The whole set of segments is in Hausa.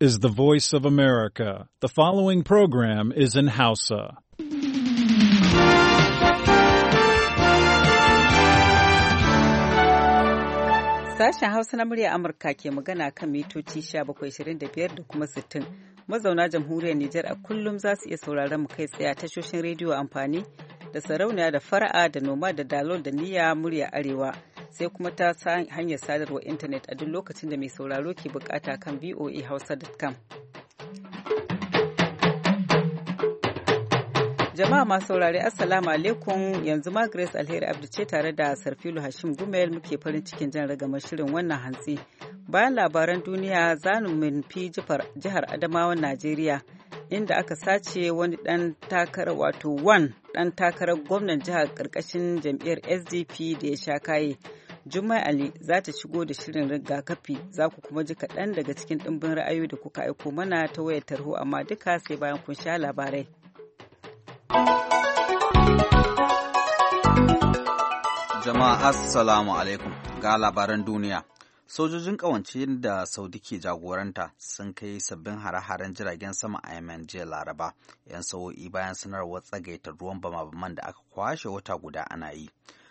is the voice of America. The following program is in Hausa. Sashen Hausa na murya Amurka ke magana kan mitoci 1725 da kuma 60. Mazauna jamhuriyar Nijar a kullum za su iya sauraron mu kai tsaye a tashoshin rediyo amfani da sarauniya da fara'a da noma da dalol da niyya murya arewa. sai kuma ta hanyar sadarwar intanet a duk lokacin da mai sauraro ke bukata kan voahausa.com. Jama'a masu saurari Assalamu alaikum yanzu ma Grace Alheri Abdu ce tare da Sarfilu Hashim Gumel muke farin cikin jan ragama shirin wannan hantsi. Bayan labaran duniya min fi jihar Adamawan Najeriya inda aka sace wani dan takara wato wan dan takarar gwamnan jihar karkashin jam'iyyar SDP da ya sha kaye. Juma'a Ali za ta shigo da shirin rigakafi za ku kuma ji kaɗan daga cikin ɗimbin ra'ayoyi da kuka aiko mana ta wayar tarho amma duka sai bayan kun sha labarai. Jama'a Assalamu alaikum ga labaran duniya. Sojojin ƙawance da Saudi ke jagoranta sun kai sabbin hare-haren jiragen sama a Yemen jiya Laraba, 'yan sa'o'i bayan sanarwar tsagaita ruwan bama-baman da aka kwashe wata guda ana yi.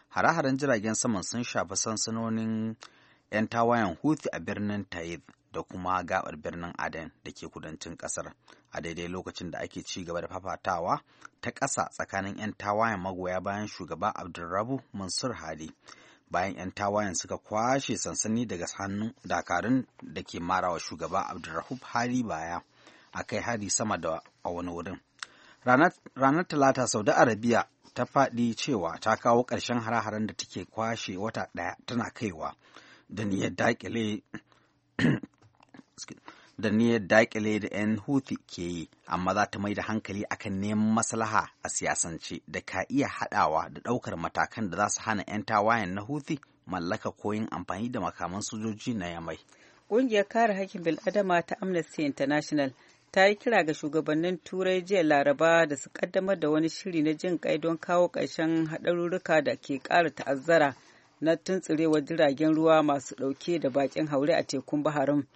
hare-haren jiragen saman sun shafi sansanonin 'yan tawayen Houthi a birnin Taif da kuma gabar birnin Aden da ke kudancin kasar a daidai lokacin da ake ci gaba da fafatawa ta ƙasa tsakanin 'yan tawayen magoya bayan shugaba Abdulrabu Mansur Hadi bayan 'yan tawayen suka kwashe sansani daga hannun dakarun da ke marawa shugaba abdulrahu Hadi baya a kai hari sama da a wani wurin. Ranar Talata Saudi Arabiya ta faɗi cewa ta kawo ƙarshen hare-haren da take kwashe wata ɗaya tana kaiwa da niyyar daƙile da 'yan huthi ke yi, amma za ta mai da hankali akan neman maslaha a siyasance da ka iya haɗawa da ɗaukar matakan da za su hana 'yan tawayen na huthi mallaka ko amfani da makaman sojoji na yamai. Ƙungiyar kare haƙƙin bil'adama ta Amnesty International ta yi kira ga shugabannin turai jiya laraba da su kaddamar da wani shiri na jin kai don kawo ƙarshen haɗarurruka da ke ƙara ta'azzara na tuntsirewar jiragen ruwa masu ɗauke da baƙin haure a tekun baharin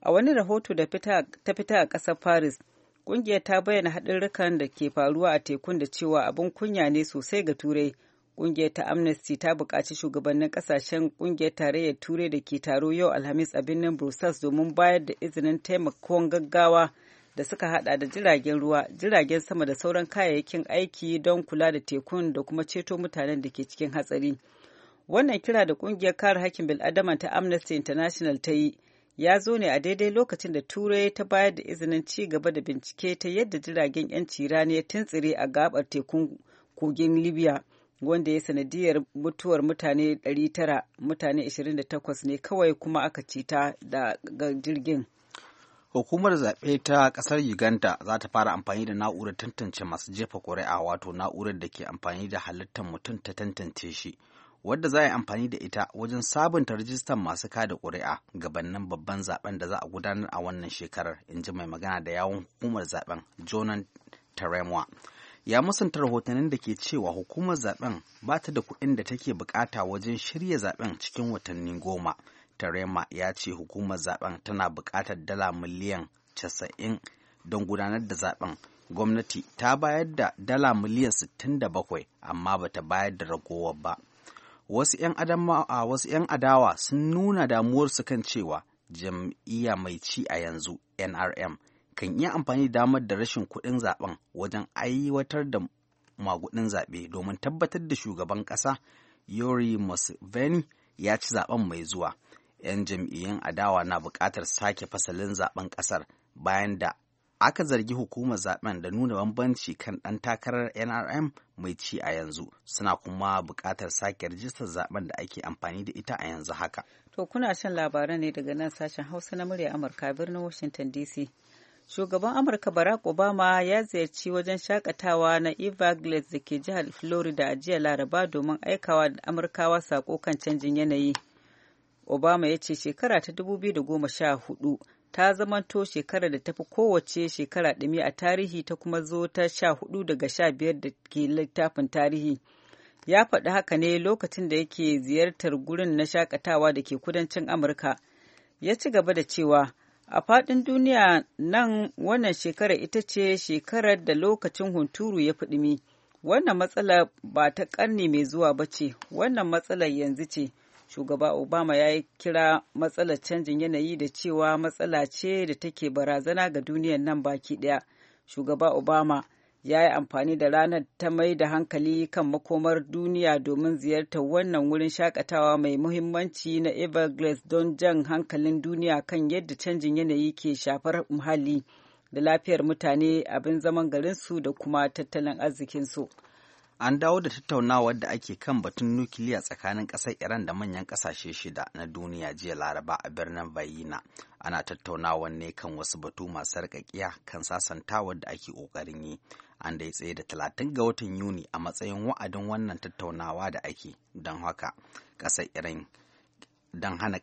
a wani rahoto da ta fita a ƙasar paris ƙungiyar ta bayyana haɗarurrukan da ke faruwa a tekun da cewa abin kunya ne sosai ga turai ƙungiyar ta amnesty ta buƙaci shugabannin ƙasashen ƙungiyar tarayyar turai da ke taro yau alhamis a birnin brussels domin bayar da izinin taimakon gaggawa da suka hada da jiragen ruwa jiragen sama da sauran kayayyakin aiki don kula da tekun da kuma ceto mutanen da ke cikin hatsari wannan kira da kungiyar kare hakkin bil'adama ta amnesty international ta yi ya zo ne a daidai lokacin da turai ta bayar da izinin ci gaba da bincike ta yadda jiragen 'yanci rani ya tuntsire a gabar tekun kogin libya wanda ya sanadiyar mutuwar mutane 900 mutane 28 ne kawai kuma aka cita da jirgin. hukumar zaɓe ta ƙasar uganda za ta fara amfani da na'urar tantance masu jefa ƙuri'a wato na'urar da ke amfani da halittar mutum ta tantance shi wadda za a yi amfani da ita wajen sabunta rajistar masu kada ƙuri'a gabanin babban zaben da za a gudanar a wannan shekarar in ji mai magana da yawon hukumar zaben jonan taremwa ya musanta rahotannin da ke cewa hukumar zaben ba ta da kuɗin da take bukata wajen shirya zaben cikin watanni goma Tarema ya ce hukumar zaben tana buƙatar dala miliyan 90 don gudanar da zaben. Gwamnati ta bayar da dala miliyan 67 amma bata bayar da ragowar ba. Wasu 'yan adawa sun nuna damuwar su kan cewa jam'iyya mai ci a yanzu NRM kan iya amfani damar da rashin kuɗin zaben wajen aiwatar da magudin zaɓe domin tabbatar da shugaban ƙasa Yori Museveni ya ci zaben mai zuwa. 'yan jam'iyyun adawa na buƙatar sake fasalin zaben ƙasar bayan da aka zargi hukumar zaben da nuna bambanci kan ɗan takarar nrm mai ci a yanzu suna kuma buƙatar sake rijistar zaben da ake amfani da ita a yanzu haka to kuna shan labaran ne daga nan sashen hausa na murya amurka birnin washington dc shugaban amurka barack obama ya ziyarci wajen shakatawa na everglades da ke jihar florida a jiya laraba domin aikawa amurkawa sako kan canjin yanayi obama ya ce shekara ta 2014 ta zamanto shekarar da tafi kowace shekara ɗumi a tarihi ta kuma zo ta sha hudu daga sha biyar da ke littafin tarihi ya faɗi haka ne lokacin da yake ziyartar gurin na shakatawa da ke kudancin amurka ya ci gaba da cewa a faɗin duniya nan wannan shekara ita ce shekarar da lokacin hunturu ya fi ɗumi wannan matsala ba ta ƙarni mai zuwa ba ce wannan matsalar yanzu ce shugaba obama ya yi kira matsalar canjin yanayi da cewa matsala ce da take barazana ga duniyar nan baki daya shugaba obama ya yi amfani da ranar ta mai da hankali kan makomar duniya domin ziyartar wannan wurin shakatawa mai muhimmanci na everglades don jan hankalin duniya kan yadda canjin yanayi ke shafar muhalli da lafiyar mutane abin zaman garinsu da kuma tattalin arzikinsu. su an dawo da tattaunawa da ake kan batun nukiliya tsakanin ƙasar iran da manyan ƙasashe shida na duniya jiya laraba a birnin bayina ana tattaunawa ne kan wasu batu masu sarƙaƙiya kan sasantawa da ake ƙoƙarin yi an da tsaye da 30 ga watan yuni a matsayin wa'adin wannan tattaunawa da ake don haka don hana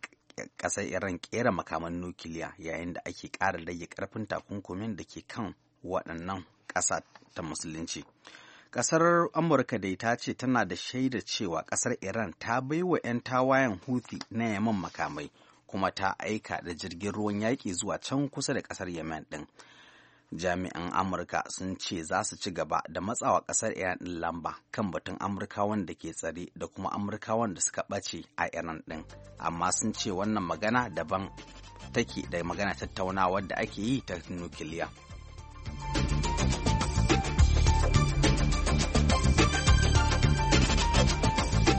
ƙasar iran kera makaman nukiliya yayin da ake ƙara rage ƙarfin takunkumin da ke kan waɗannan ƙasa ta musulunci Ƙasar Amurka dai ta ce tana da shaida cewa ƙasar Iran ta bai wa 'yan tawayen Houthi na yaman makamai kuma ta aika da jirgin ruwan yaƙi zuwa can kusa da ƙasar Yemen ɗin. Jami'an Amurka sun ce za su ci gaba da matsawa ƙasar Iran ɗin lamba kan batun Amurkawan da ke tsare da kuma Amurkawan da suka ɓace a Iran ɗin, amma sun ce wannan magana daban take da magana tattaunawa da ake yi ta nukiliya.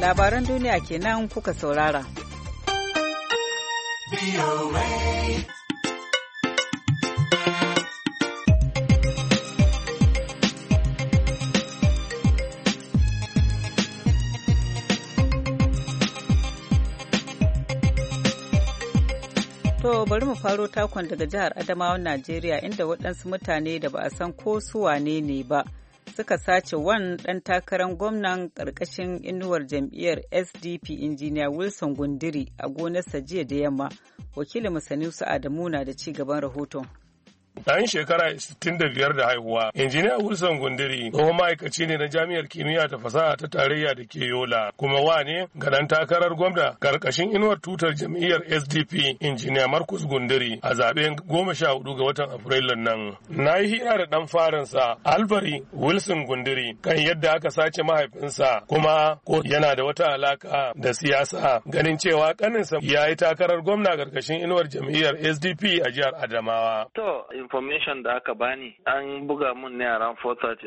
labaran duniya kenan kuka saurara. To bari mu faro takon daga jihar Adamawan Najeriya inda waɗansu mutane da ba a san ko su wane ne ba suka sace wan ɗan takarar gwamnan ƙarƙashin inuwar jam'iyyar SDP injiniya Wilson Gundiri a gonarsa jiya da yamma. Wakilin musanisu Adamu na da ci gaban rahoton. ɗan shekara 65 da haihuwa. Injiniya Wilson Gundiri tsohon ma'aikaci ne na Jami'ar Kimiyya ta Fasaha ta Tarayya da ke Yola kuma wane ga ɗan takarar gwamna karkashin inuwar tutar jam'iyyar SDP Injiniya Markus Gundiri a zaɓen goma sha hudu ga watan Afrilun nan. Na yi hira da ɗan farinsa Albari Wilson Gundiri kan yadda aka sace mahaifinsa kuma ko yana da wata alaƙa da siyasa ganin cewa ƙaninsa ya yi takarar gwamna karkashin inuwar jam'iyyar SDP a jihar Adamawa. information da aka bani an buga mun ne around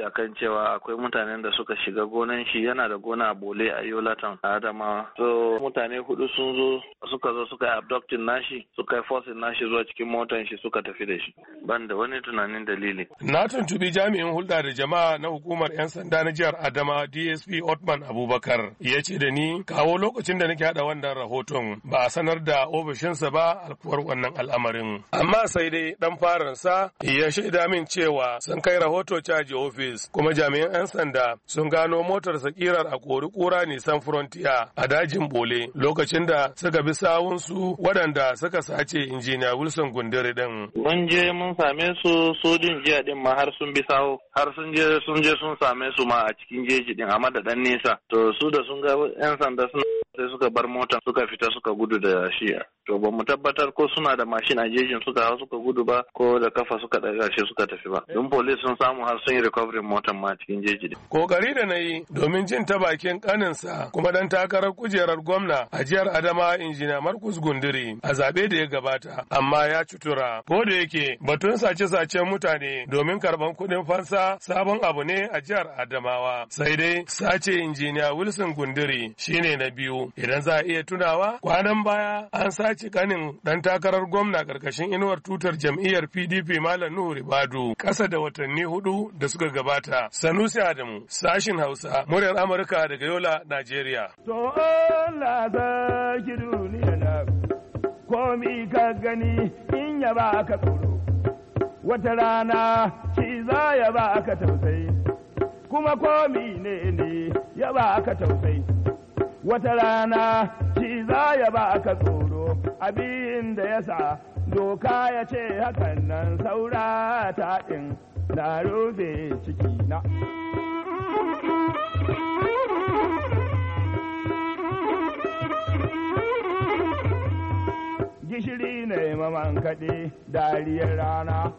a kan cewa akwai mutanen da suka shiga gonan shi yana da gona a bole a yola town a adamawa so mutane hudu sun zo suka zo suka yi abducting nashi suka yi forcing nashi zuwa cikin motan shi suka tafi da shi ban da wani tunanin dalili na tuntubi jami'in hulɗa da jama'a na hukumar 'yan sanda na jihar adama dsp otman abubakar ya ce da ni kawo lokacin da nake haɗa wannan rahoton ba a sanar da ofishinsa ba alkuwar wannan al'amarin amma sai dai dan faransa matasa ya shaida min cewa sun kai rahoto caji ofis kuma jami'an 'yan sanda sun gano motarsa kirar a kori kura nisan frontier a dajin bole lokacin da suka bi sawunsu waɗanda suka sace injiniya wilson gundiri din. mun je mun same su sojin jiya din ma har sun bi sawo har sun je sun je sun same su ma a cikin jeji din da dan nesa to su da sun ga 'yan sanda suna sai suka bar motan suka fita suka gudu da shi to ba mu tabbatar ko suna da mashin a jejin suka hau suka gudu ba ko da kafa suka daga shi suka tafi ba don police sun samu har sun yi recovery motan ma cikin jeji da kokari da na yi domin jin ta bakin sa, kuma dan takarar kujerar gwamna a jihar adama injiniya markus gundiri a zabe da ya gabata amma ya cutura ko da yake batun sace-sacen mutane domin karban kuɗin fansa sabon abu ne a jihar adamawa sai dai sace injiniya wilson gundiri shine na biyu Idan za a iya tunawa kwanan baya an sace kanin dan takarar gwamna karkashin inuwar tutar jam'iyyar PDP Malam Nuhu Ribadu kasa da watanni hudu da suka gabata. Sanusi Adamu sashin Hausa muryar Amurka daga Yola Najeriya. komi ka gani in ya ba ka tsoro wata rana ci za ya ba ka tausayi kuma komi ne ne ya ba ka tausayi. wata rana shi za ya ba aka tsoro abin da ya sa doka ya ce hakan nan saura ta ɗin na rufe ciki na. Gishiri yi maman kaɗe dariyar rana,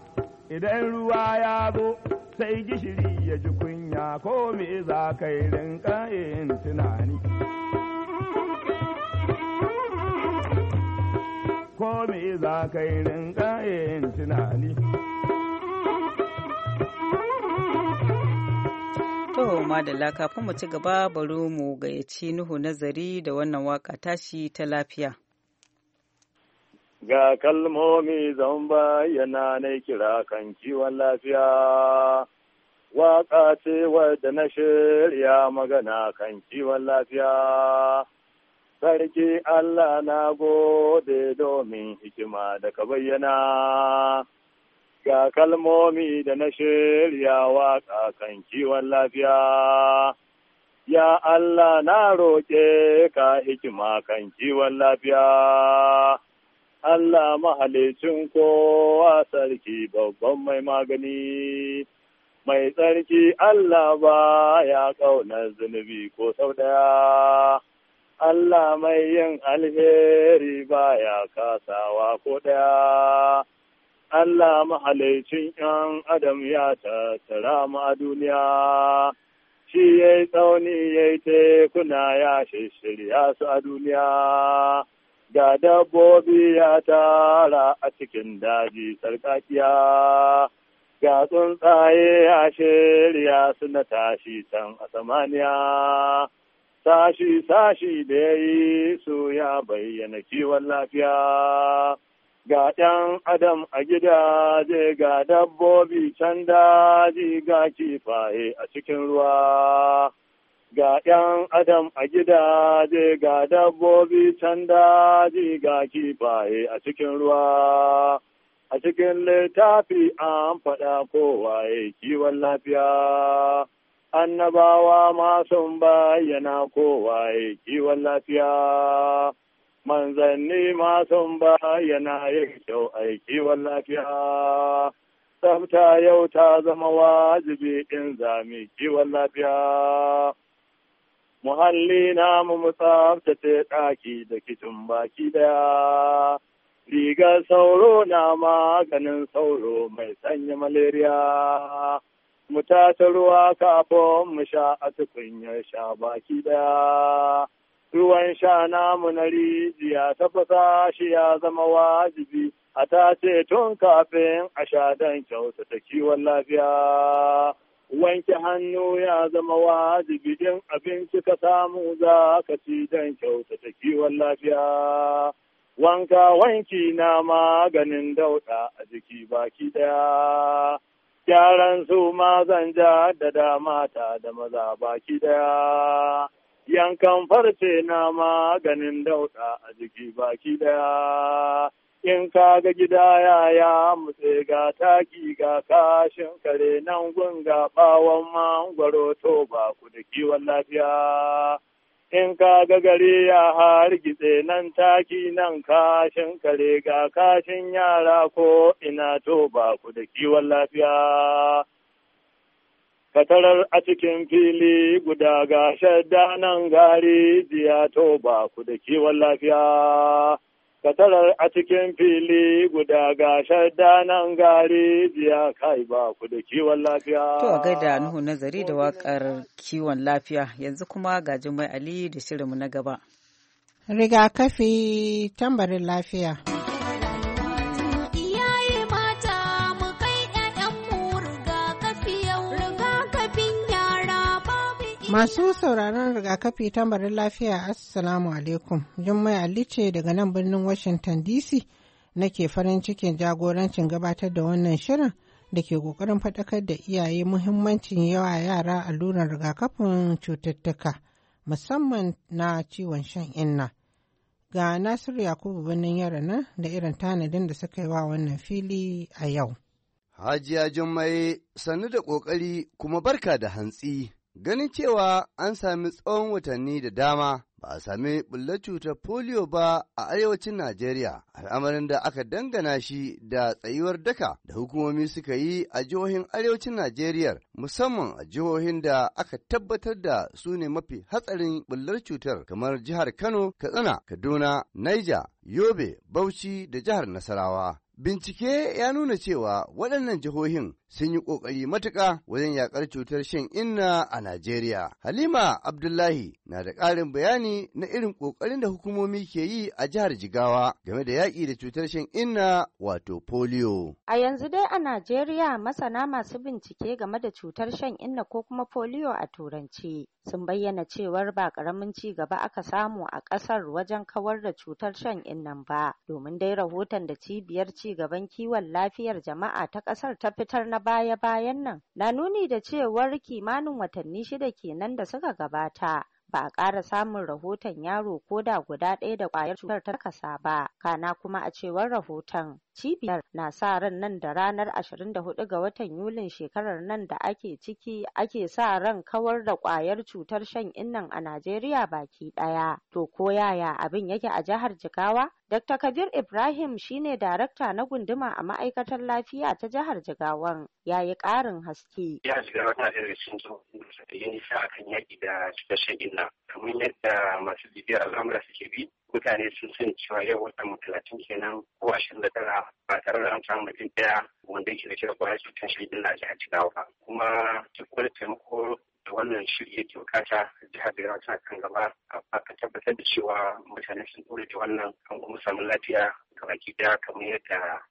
idan ruwa ya zo sai gishiri ya ji kunya ko me za ka yi rinƙa yin tunani. ko me za ka yi rinka yin tunani. To madalla kafin mu ci gaba bari mu gayyaci Nuhu nazari da wannan waka tashi ta lafiya. Ga kalmomi zan bayyana na kira kan kiwon lafiya. waƙa ce wadda na shirya magana kan kiwon lafiya. Sarki Allah na gode domin hikima da ka bayyana, ga kalmomi da na shirya waƙa kan kiwon lafiya. Ya Allah na roƙe ka hikima kan kiwon lafiya, Allah mahalicin kowa sarki babban mai magani, mai tsarki Allah ba ya ƙaunar zunubi ko sau ɗaya. Allah mai yin alheri baya kasawa ko ɗaya. Allah mahalicin ‘yan Adam ya tattara mu a duniya, shi ya yi tsauni ya yi tekuna ya shirya su a duniya, ga dabbobi ya tara a cikin daji sarkakiya, ga tsuntsaye ya shirya su na tashi can a samaniya. sashi sashi da ya yi su ya bayyana kiwon lafiya ga ɗan adam a gida je ga dabbobi can daji ga kifaye a cikin ruwa ga ɗan adam a gida je ga dabbobi can daji ga kifaye a cikin ruwa a cikin littafi an faɗa kowaye kiwon lafiya annabawa ma sun bayyana kowa ya kiwon lafiya manzanni ma sun bayyana ya kyau a kiwon lafiya tsafta yau ta zama wajibi in zami kiwon lafiya muhalli namu mu tsaftace ɗaki da kicin baki daya rigar sauro na maganin sauro mai sanya maleriya. mu tata ruwa kafin mu sha a tukunyar sha baki ɗaya. Ruwan sha namu na rijiya tafasa shi ya zama wajibi a tace tun kafin a sha don kyautata kiwon lafiya. Wanke hannu ya zama wajibi din abinci ka samu za ka ci don ta kiwon lafiya. Wanka wanki na maganin dauɗa a jiki baki ɗaya. Gyaran su ma zan ja da dama ta da maza baki daya. Yankan farce na maganin dauɗa a jiki baki daya. In ka ga gida yaya mutse ga taki ga kashin kare nan gunga ɓawon mangwaro to ba ku da kiwon lafiya. in ka ga gari ya hargitse nan taki nan kashin kare ga kashin yara ko ina to ba ku da kiwon lafiya. Katarar a cikin fili guda ga shadda nan gari jiya to ba ku da kiwon lafiya. katarar a cikin fili guda ga shadda nan gari jiya kai ba ku da kiwon lafiya. To a gaida Nuhu nazari da wakar kiwon lafiya yanzu kuma ga mai Ali da shirinmu na gaba. Rigakafi tambarin lafiya. Masu sauraron rigakafi ta tambarin lafiya Assalamu alaikum. Jummai Ali ce daga nan birnin Washington DC nake farin cikin jagorancin gabatar da wannan shirin da ke ƙoƙarin faɗakar da iyaye muhimmancin yawa yara alluran rigakafin cututtuka musamman na ciwon shan inna. Ga Nasiru Yakubu birnin yara nan da irin tanadin da suka yi wa wannan fili a yau. Hajiya Jummai sannu da ƙoƙari kuma barka da hantsi. Ganin cewa an sami tsawon watanni da dama ba a sami bullar cutar polio ba a arewacin Najeriya, al'amarin da aka dangana shi da tsayuwar daka da hukumomi suka yi a jihohin arewacin Najeriya musamman a jihohin da aka tabbatar da su ne mafi hatsarin bullar cutar kamar jihar Kano, Katsina, Kaduna, Niger, Yobe, Bauchi da jihar Nasarawa. Bincike ya nuna cewa waɗannan jihohin sun yi ƙoƙari matuƙa wajen yaƙar cutar shan inna a Najeriya. Halima Abdullahi na da ƙarin bayani na irin ƙoƙarin da hukumomi ke yi a jihar Jigawa game da yaƙi da cutar shan inna wato polio. A yanzu dai a Najeriya masana masu bincike game da cutar shan inna ko kuma polio a turanci sun bayyana cewar ba ƙaramin ci gaba aka samu a ƙasar wajen kawar da cutar shan inna. bala'in nan ba domin dai rahoton da cibiyar ci gaban kiwon lafiyar jama'a ta kasar ta fitar na baya-bayan nan na nuni da cewar kimanin watanni shida kenan da suka gabata ba a ƙara samun rahoton yaro ko da guda ɗaya da ƙwayar cutar ta kasa ba kana kuma a cewar rahoton Cibiyar na sa ran nan da ranar 24 ga watan Yulin shekarar nan da ake ciki ake sa ran kawar da kwayar cutar shan-innan a Najeriya baki ɗaya. To ko yaya abin yake a jihar Jigawa? Dr. Kabir Ibrahim shine darakta na gunduma a ma'aikatar lafiya ta jihar Jigawan ya yi ƙarin haske. Jihar Jigawa tana da da cutar shan yadda masu bibiyar al'amura suke bi mutane sun sani cewa yau watan mu talatin kenan ko ashirin da tara ba tare da an samu mutum ɗaya wanda yake da shirin kwayar cutar shaidin na jihar Jigawa ba. Kuma duk wani taimako da wannan shiri yake bukata jihar Jigawa tana kan gaba a tabbatar da cewa mutane sun ɗore da wannan an kuma samu lafiya baki ɗaya kamar yadda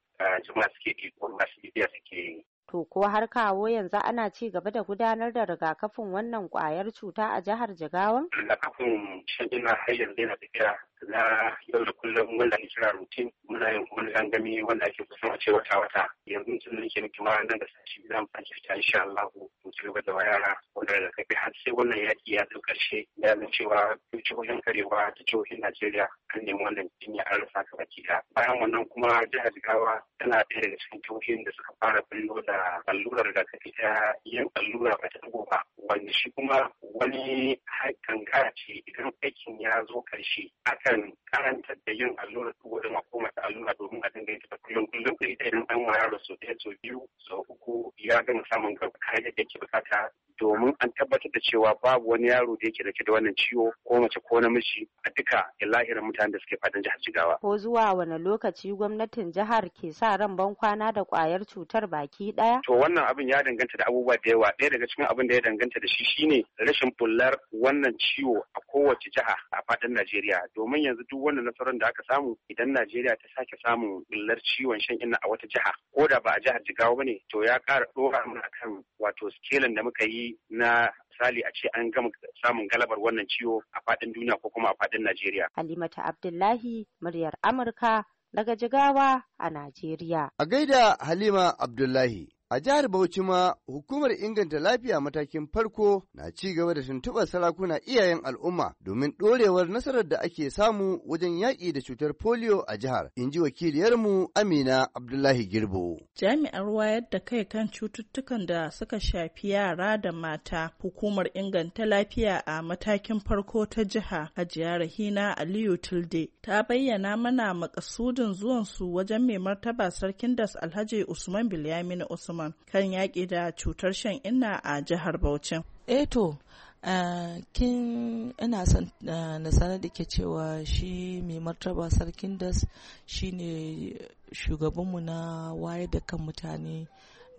jama'a suke yi ko masu bibiya suke yi. To ko har kawo yanzu ana ci gaba da gudanar da rigakafin wannan kwayar cuta a jihar Jigawa? Rigakafin shan har yanzu yana tafiya na yau da kullum wanda ake kira rutin muna yin wani gangami wanda ake kusan ce wata wata yanzu sun nake ma nan da sashi za mu sake ta insha Allah mu ci gaba da yara wanda da kafi har sai wannan yaki ya zo karshe ya zan cewa jihohin karewa ta jihohin Najeriya an nemi wannan jinya an rasa ta baki da bayan wannan kuma jihar Jigawa tana ɗaya daga cikin jihohin da suka fara bullo da allurar da kafi ta yin allura ba ta dago ba wanda shi kuma wani hakan ce idan aikin ya zo karshe aka kan karanta da yin allura ko a koma ta allura domin a dinga yin ta kullum kullum sai idan an wayar da su ɗaya so biyu sau uku ya gama samun kariyar da yake bukata domin an tabbatar da cewa babu wani yaro da yake da da wannan ciwo ko mace ko namiji a duka lahirin mutanen da suke fadin jihar Jigawa. Ko zuwa wani lokaci gwamnatin jihar ke sa ran ban kwana da kwayar cutar baki ɗaya? To wannan abin ya danganta da abubuwa da yawa. Ɗaya daga cikin abin da ya danganta da shi shine rashin bullar wannan ciwo a kowace jiha a fadin Najeriya domin yanzu duk wannan nasarar da aka samu idan Najeriya ta sake samun illar ciwon shan inna a wata jiha ko da ba a jihar Jigawa bane to ya ƙara dora mun akan wato skelan da muka yi na misali a ce an gama samun galabar wannan ciwo a faɗin duniya ko kuma a faɗin Najeriya. Halimata Abdullahi, muryar Amurka daga Jigawa a Najeriya. A gaida Halima Abdullahi. A jihar Bauchi ma hukumar inganta lafiya matakin farko na ci gaba da tuntuɓar sarakuna iyayen al'umma domin ɗorewar nasarar da ake samu wajen yaƙi da cutar polio a jihar, in ji wakiliyarmu Amina Abdullahi Girbo. Jami'ar wayar da kai kan cututtukan da suka shafi yara da mata hukumar inganta lafiya a matakin farko ta jiha Hajiya Rahina Aliyu Tilde ta bayyana mana makasudin zuwansu wajen mai martaba sarkin das Alhaji Usman Bilyamin Usman. musamman kan yaƙi da cutar shan inna a jihar Bauchi. Eto, eh Uh, kin ina son uh, na sanar da ke cewa shi mai martaba sarkin das shi ne shugabanmu na waye da kan mutane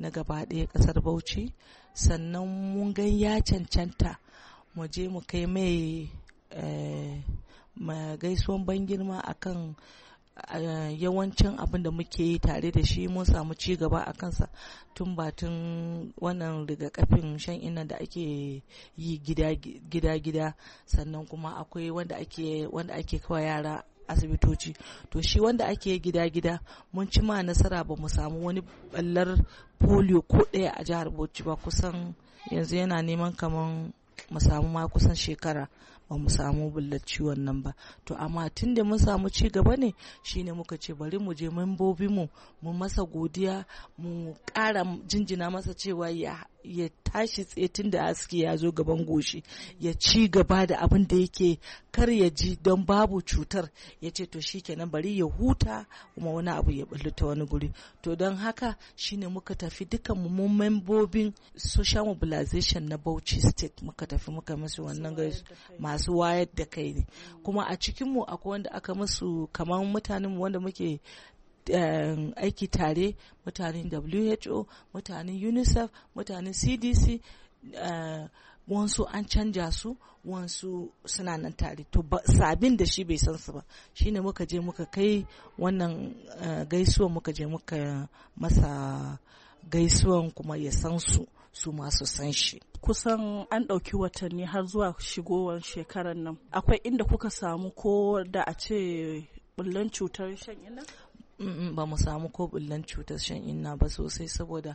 na gaba ɗaya ƙasar bauchi sannan mun gan ya cancanta mu je mu kai mai eh, gaisuwan ban girma akan yawancin abin da muke yi tare da shi mun samu ci gaba a kansa tun batun wannan rigakafin shan ina da ake yi gida-gida sannan kuma akwai wanda ake wanda ake kawai yara asibitoci to shi wanda ake gida-gida mun ci ma nasara ba mu samu wani ballar polio ko ɗaya a jihar bauchi ba kusan yanzu yana neman kaman mu samu ma kusan shekara ba mu samu bullaci wannan ba to amma tun da mun samu ci gaba ne shine muka ce bari mu je membobinmu mu mu masa godiya mu kara jinjina masa cewa ya ya tashi tsaye tun da aski ya zo gaban goshi ya ci gaba da abin da yake kar ya ji don babu cutar ya ce to shi kenan bari ya huta kuma wani abu ya bulli ta wani guri to don haka shine muka tafi duka mu membobin social mobilization na Bauchi state muka tafi muka musu wannan masu wayar da kai ne kuma a cikin mu akwai wanda aka masu kamar mutanen wanda muke Um, aiki tare mutanen who mutanen unicef mutanen cdc uh, wansu an canja su wansu suna nan tare to sabin da shi bai san su ba shine muka je muka kai wannan uh, gaisuwan muka je muka masa gaisuwan kuma ya san su su masu san shi kusan an ɗauki watanni har zuwa shigowar shekarar nan akwai inda kuka samu ko da a ce bullon cutar shan ina ba mu samu ko bullan cutar shan inna ba sosai saboda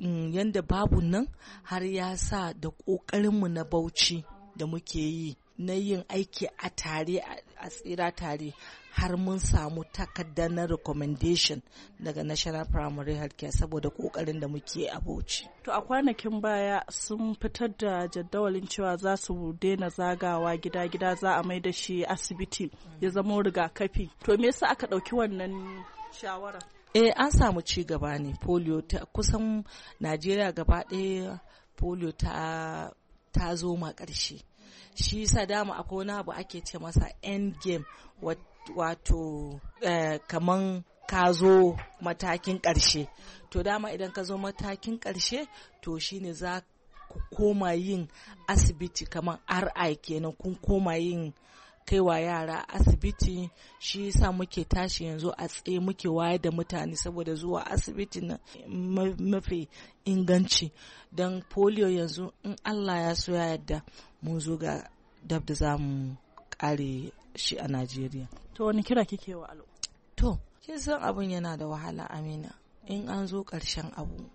mm, yadda babu nan har ya sa da ƙoƙarinmu na bauchi da muke yi na yin aiki a tare a tsira tare har mun samu takarda na recommendation daga national primary health saboda kokarin da muke a bauchi to a kwanakin baya sun fitar da jadawalin cewa za su daina zagawa gida-gida za a mai da shi asibiti ya zama rigakafi to me yasa aka ɗauki wannan shawara eh an samu ci gaba ne polio ta kusan najeriya gaba ɗaya polio ta zo ma ƙarshe shi sadama dama akwai wani abu ake ce masa end game wato eh, kaman ka zo matakin ƙarshe to dama idan ka zo matakin ƙarshe to shine za ku koma yin asibiti kamar ri kenan kun koma yin kaiwa yara asibiti shi yasa muke tashi yanzu a tsaye muke wayar da mutane saboda zuwa asibiti na mafi inganci don polio yanzu in allah ya so ya yadda mun zo ga dab da za kare shi a najeriya to wani kira kike wa alo to kin san abun yana da wahala amina in an zo ƙarshen abu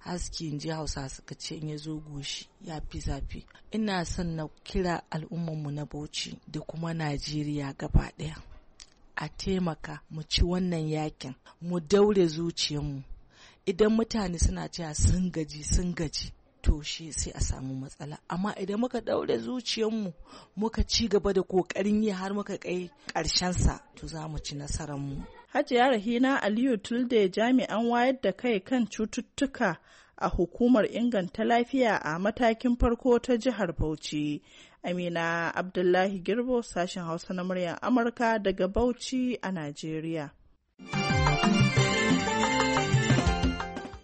Haske in ji hausa suka ce in ya zo goshi ya fi zafi ina son na kira al'ummanmu na bauchi da kuma najeriya gaba ɗaya a taimaka mu ci wannan yakin mu daure zuciyarmu idan mutane suna cewa sun gaji sun gaji to shi sai a samu matsala amma idan muka daure zuciyarmu muka ci gaba da kokarin yi har muka kai ƙarshensa to za mu ci nasararmu Hajiya Rahina Aliyu Tulde jami'an wayar da kai kan cututtuka a hukumar inganta lafiya a matakin farko ta jihar Bauchi. Amina Abdullahi Girbo sashen Hausa na muryar Amurka daga Bauchi a Najeriya.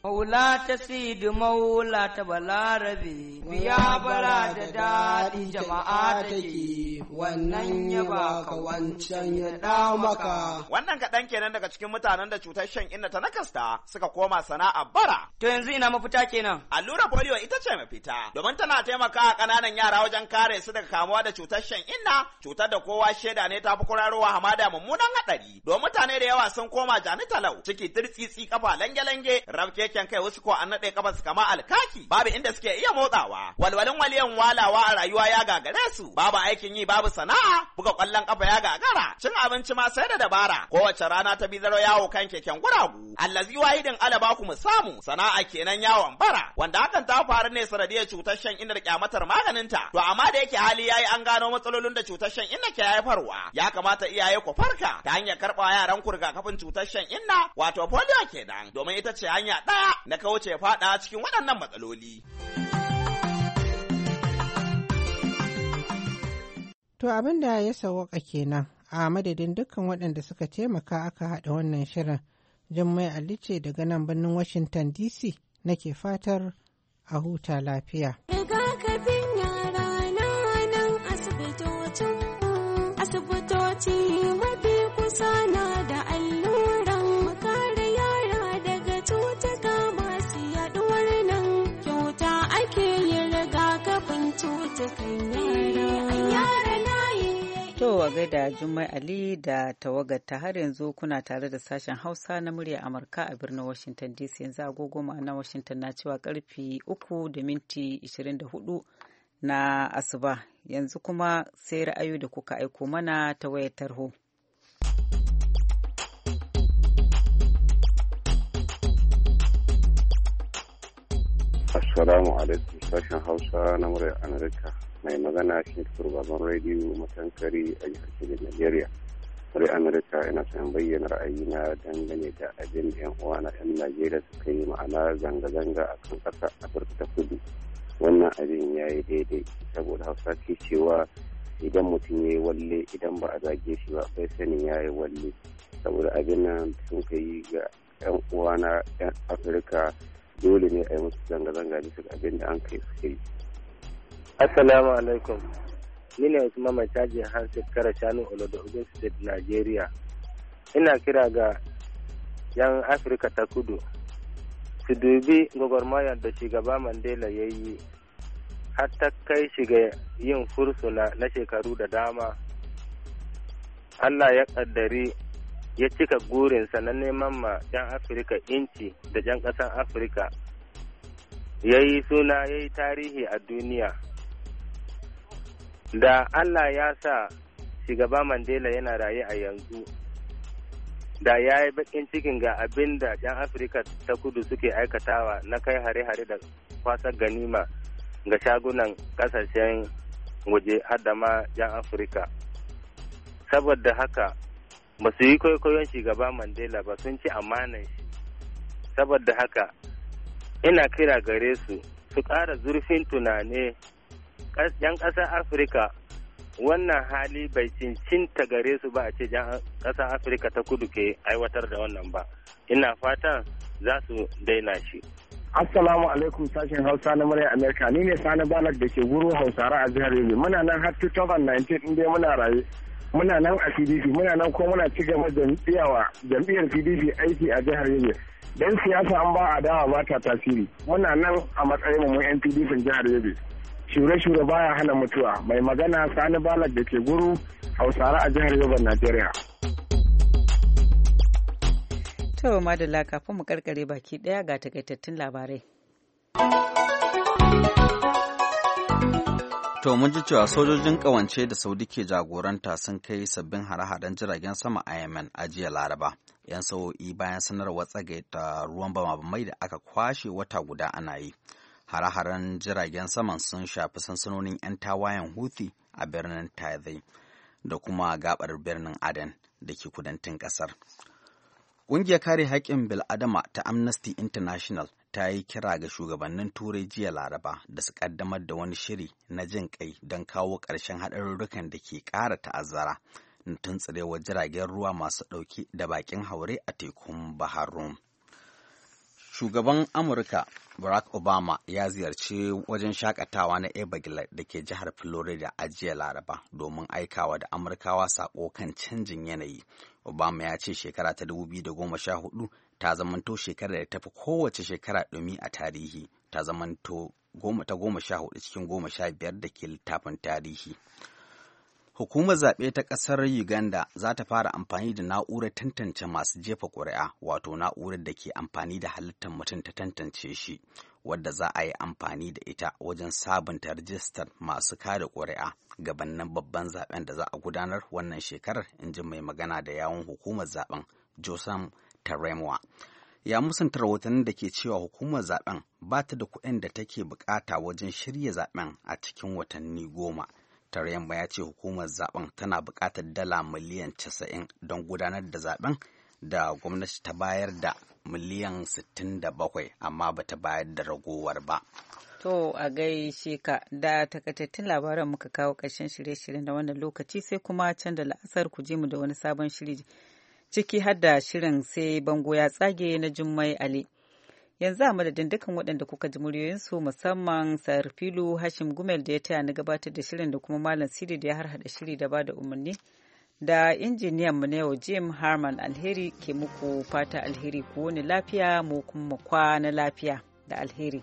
Maula ta sidi maula ta balarabe, biya bara da daɗi jama'a da ke, wannan ya baka wancan ya ɗa maka. Wannan kaɗan kenan daga cikin mutanen da cutar shan inna ta nakasta suka koma sana'a bara. To yanzu ina mafita kenan. Allura polio ita ce mafita, domin tana taimaka a ƙananan yara wajen kare su daga kamuwa da cutar shan inna, cutar da kowa shaida ne ta fi kurarowa hamada mummunan haɗari. Don mutane da yawa sun koma jani talau, ciki tirtsitsi kafa lange-lange, rafke keken kai wasu ko an naɗe kafar su kama alkaki babu inda suke iya motsawa walwalin waliyan walawa a rayuwa ya gagare su babu aikin yi babu sana'a buga kwallon kafa ya gagara cin abinci ma sai da dabara kowace rana ta bizaro yawo kan keken guragu allazi wahidin alaba ku samu sana'a kenan yawon bara wanda hakan ta faru ne sanadiyar cutar shan inda kyamatar maganinta to amma da yake hali yayi an gano matsalolin da cutar shan inna ke haifarwa ya kamata iyaye ku farka ta hanyar karɓa yaran ku rigakafin cutar shan inna wato polio kenan domin ita ce hanya ɗaya na kauce ya faɗa cikin waɗannan matsaloli. To abin da ya sawwaka kenan a madadin dukkan waɗanda suka taimaka aka haɗa wannan shirin Jummai Ali ce daga nan birnin Washington DC nake fatar a huta lafiya. da Jummai Ali da ta har yanzu kuna tare da sashen Hausa na murya Amurka a birnin Washington DC yanzu agogo ma'ana Washington na cewa karfi uku da minti 24 na asuba yanzu kuma sai ra'ayi da kuka aiko mana ta wayar tarho. Assalamu alaikum sashen Hausa na murya Amurka. mai magana shi turbaban rediyo matankari a jihar Kebbi nigeria Kuri Amurka yana son bayyana ra'ayi na dangane da abin da 'yan uwana 'yan Najeriya suka yi ma'ana zanga-zanga a kan ƙasar Afirka ta kudu. Wannan abin ya yi daidai saboda Hausa ke cewa idan mutum ya yi walle idan ba a zage shi ba sai sanin ya yi walle saboda abin nan sun ka yi ga 'yan uwana 'yan Afirka dole ne a yi musu zanga-zanga bisa abin da an kai suke yi. Assalamu alaikum. Ni ne Usman mai caji har Kara Shanu Olodo Ogun State, Nigeria. Ina kira ga 'yan Afirka ta kudu su dubi gwagwarmayar da shugaba Mandela ya yi har ta kai shi ga yin fursuna na shekaru da dama. Allah ya ƙaddari ya cika gurinsa na neman ma 'yan Afirka inci da 'yan ƙasan Afirka. Ya yi suna ya yi tarihi a duniya. da allah ya sa shugaba mandela yana raye a yanzu da ya yi bakin cikin ga abin da 'yan afirka ta kudu suke aikatawa na kai hare-hare da kwasar ganima ga shagunan kasashen waje hadama 'yan afirka saboda haka ba su yi kwaikwayon shugaba mandela ba sun ci amanan shi saboda haka ina kira gare su su ƙara zurfin tunane 'yan ƙasar afirka wannan hali bai cincinta gare su ba a ce ƙasar afirka ta kudu ke aiwatar da wannan ba ina fatan za su daina shi assalamu alaikum sashen hausa na murya amerika ni ne sani balak da ke guru hausare a jihar yobe muna nan har 2019 inda muna raye muna nan a pdp muna nan ko muna ci gaba jam'iyyawa jam'iyyar pdp aiki a jihar yobe dan siyasa an ba a dawa ba ta tasiri muna nan a matsayin mu yan pdp jihar yobe shure-shure baya hana mutuwa mai magana sani balak da ke guru hausare a jihar yoban najeriya to madalla kafin mu karkare baki daya ga takaitattun labarai to mun ji cewa sojojin kawance da saudi ke jagoranta sun kai sabbin hare-haren jiragen sama a yemen a jiya laraba yan sa'o'i bayan sanarwar tsagaita ruwan bama da aka kwashe wata guda ana yi hare-haren jiragen saman sun shafi sansanonin 'yan tawayen Houthi a birnin Taizai da kuma gabar birnin Aden da ke kudantin ƙasar. Ƙungiyar kare haƙƙin bil'adama ta Amnesty International ta yi kira ga shugabannin Turai jiya Laraba da su ƙaddamar da wani shiri na jin ƙai don kawo ƙarshen haɗarurrukan da ke ƙara ta'azzara na tuntsirewar jiragen ruwa masu ɗauki da baƙin haure a tekun Bahar Rum. Shugaban Amurka Barack Obama ya ziyarci wajen shakatawa na ebagila da ke jihar Florida a jiya Laraba domin aikawa da Amurkawa sako kan canjin yanayi. Obama ya ce shekara ta 2014 ta zamanto shekarar da tafi kowace shekara ɗumi a tarihi, ta zamanto ta goma sha hudu cikin goma sha biyar da ke littafin tarihi. Hukumar zaɓe ta ƙasar Uganda za ta fara amfani da na'urar tantance masu jefa ƙuri'a, wato na'urar da ke amfani da halittar mutum ta tantance shi, wadda za a yi amfani da ita wajen sabunta rajistar masu kare ƙuri'a gabanin babban zaɓen da za a gudanar wannan shekarar, in ji mai magana da yawon hukumar zaɓen Josam Taremwa. Ya musanta rahotannin da ke cewa hukumar zaɓen ba ta da kuɗin da take buƙata wajen shirya zaɓen a cikin watanni goma. ta yamma ya ce hukumar zaben tana bukatar dala miliyan 90 don gudanar da zaben da gwamnati ta bayar da miliyan 67 amma ba ta bayar da ragowar ba. To a gaishe ka da takaitattun labaran muka kawo ƙarshen shirye shirye na wannan lokaci sai kuma can da la'asar ku je mu da wani sabon shiri ciki har da shirin sai bango ya tsage na Jummai Ali. yanzu a madadin dukkan waɗanda kuka ji muryoyinsu musamman sayar filu hashim gumel da ya taya na gabatar da shirin da kuma malam sidi da ya harhaɗa shiri da ba da umarni da injiniyan mu na yau jim harman alheri ke muku fata alheri ku wani lafiya mu kuma kwa na lafiya da alheri